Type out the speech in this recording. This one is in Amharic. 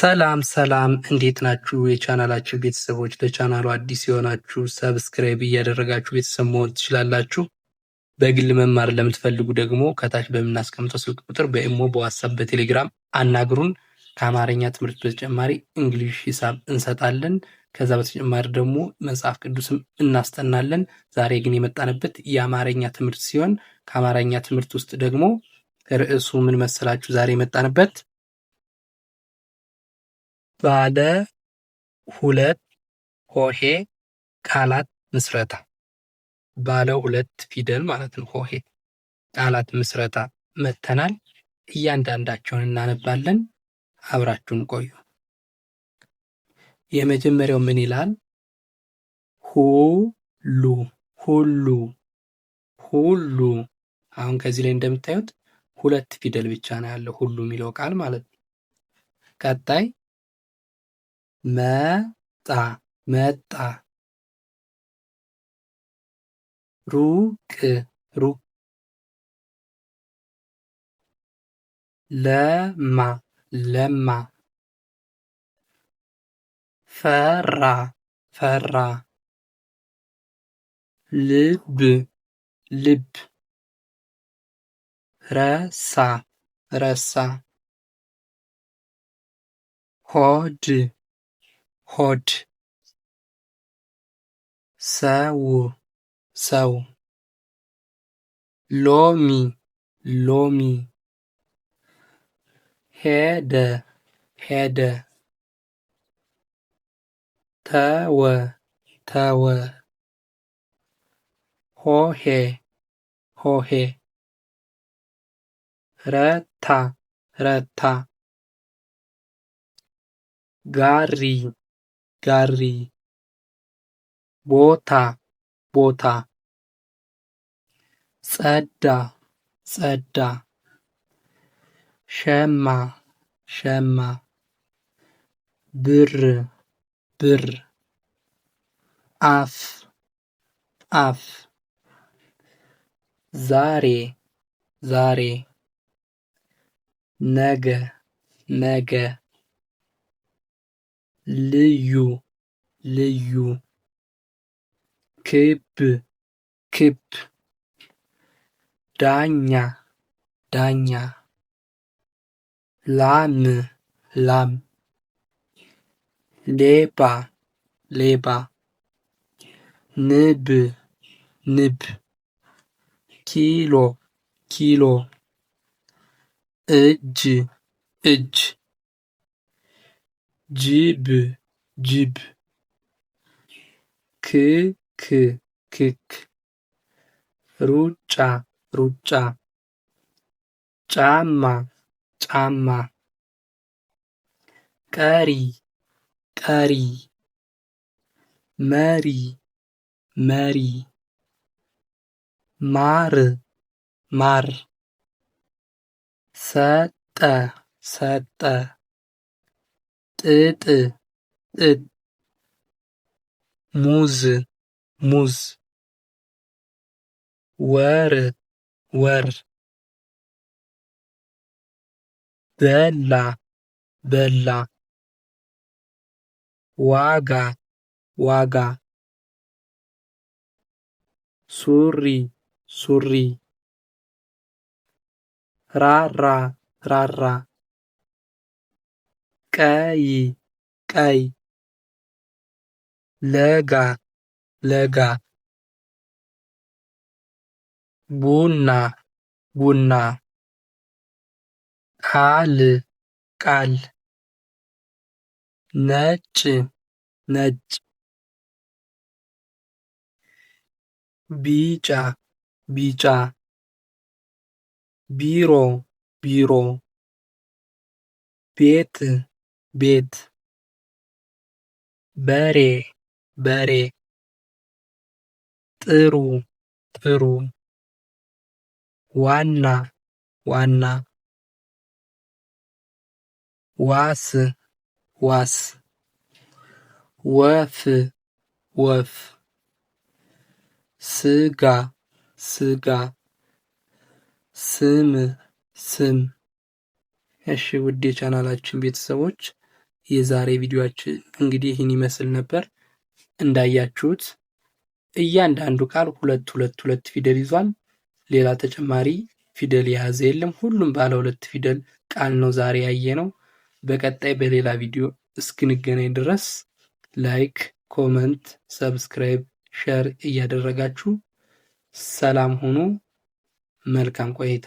ሰላም ሰላም እንዴት ናችሁ? የቻናላችን ቤተሰቦች ለቻናሉ አዲስ የሆናችሁ ሰብስክራይብ እያደረጋችሁ ቤተሰብ መሆን ትችላላችሁ። በግል መማር ለምትፈልጉ ደግሞ ከታች በምናስቀምጠው ስልክ ቁጥር በኢሞ፣ በዋትሳፕ፣ በቴሌግራም አናግሩን። ከአማርኛ ትምህርት በተጨማሪ እንግሊሽ፣ ሂሳብ እንሰጣለን። ከዛ በተጨማሪ ደግሞ መጽሐፍ ቅዱስም እናስጠናለን። ዛሬ ግን የመጣንበት የአማርኛ ትምህርት ሲሆን ከአማርኛ ትምህርት ውስጥ ደግሞ ርዕሱ ምን መሰላችሁ? ዛሬ የመጣንበት ባለ ሁለት ሆሄ ቃላት ምስረታ ባለ ሁለት ፊደል ማለት ነው። ሆሄ ቃላት ምስረታ መተናል። እያንዳንዳቸውን እናነባለን። አብራችሁን ቆዩ። የመጀመሪያው ምን ይላል? ሁሉ ሁሉ ሁሉ። አሁን ከዚህ ላይ እንደምታዩት ሁለት ፊደል ብቻ ነው ያለው ሁሉ የሚለው ቃል ማለት ነው። ቀጣይ መጣ መጣ ሩቅ ሩቅ ለማ ለማ ፈራ ፈራ ልብ ልብ ረሳ ረሳ ሆድ ሆድ ሰው ሰው ሎሚ ሎሚ ሄደ ሄደ ተወ ተወ ሆሄ ሆሄ ረታ ረታ ጋሪ ጋሪ ቦታ ቦታ ጸዳ ጸዳ ሸማ ሸማ ብር ብር አፍ አፍ ዛሬ ዛሬ ነገ ነገ ልዩ ልዩ ክብ ክብ ዳኛ ዳኛ ላም ላም ሌባ ሌባ ንብ ንብ ኪሎ ኪሎ እጅ እጅ ጅብ ጅብ ክክ ክክ ሩጫ ሩጫ ጫማ ጫማ ቀሪ ቀሪ መሪ መሪ ማር ማር ሰጠ ሰጠ ጥጥ ጥጥ ሙዝ ሙዝ ወር ወር በላ በላ ዋጋ ዋጋ ሱሪ ሱሪ ራራ ራራ ቀይ ቀይ ለጋ ለጋ ቡና ቡና ቃል ቃል ነጭ ነጭ ቢጫ ቢጫ ቢሮ ቢሮ ቤት ቤት በሬ በሬ ጥሩ ጥሩ ዋና ዋና ዋስ ዋስ ወፍ ወፍ ስጋ ስጋ ስም ስም እሺ ውድ የቻናላችን ቤተሰቦች የዛሬ ቪዲዮአችን እንግዲህ ይህን ይመስል ነበር። እንዳያችሁት እያንዳንዱ ቃል ሁለት ሁለት ሁለት ፊደል ይዟል። ሌላ ተጨማሪ ፊደል የያዘ የለም። ሁሉም ባለ ሁለት ፊደል ቃል ነው ዛሬ ያየ ነው። በቀጣይ በሌላ ቪዲዮ እስክንገናኝ ድረስ ላይክ፣ ኮመንት፣ ሰብስክራይብ፣ ሸር እያደረጋችሁ ሰላም ሁኑ። መልካም ቆይታ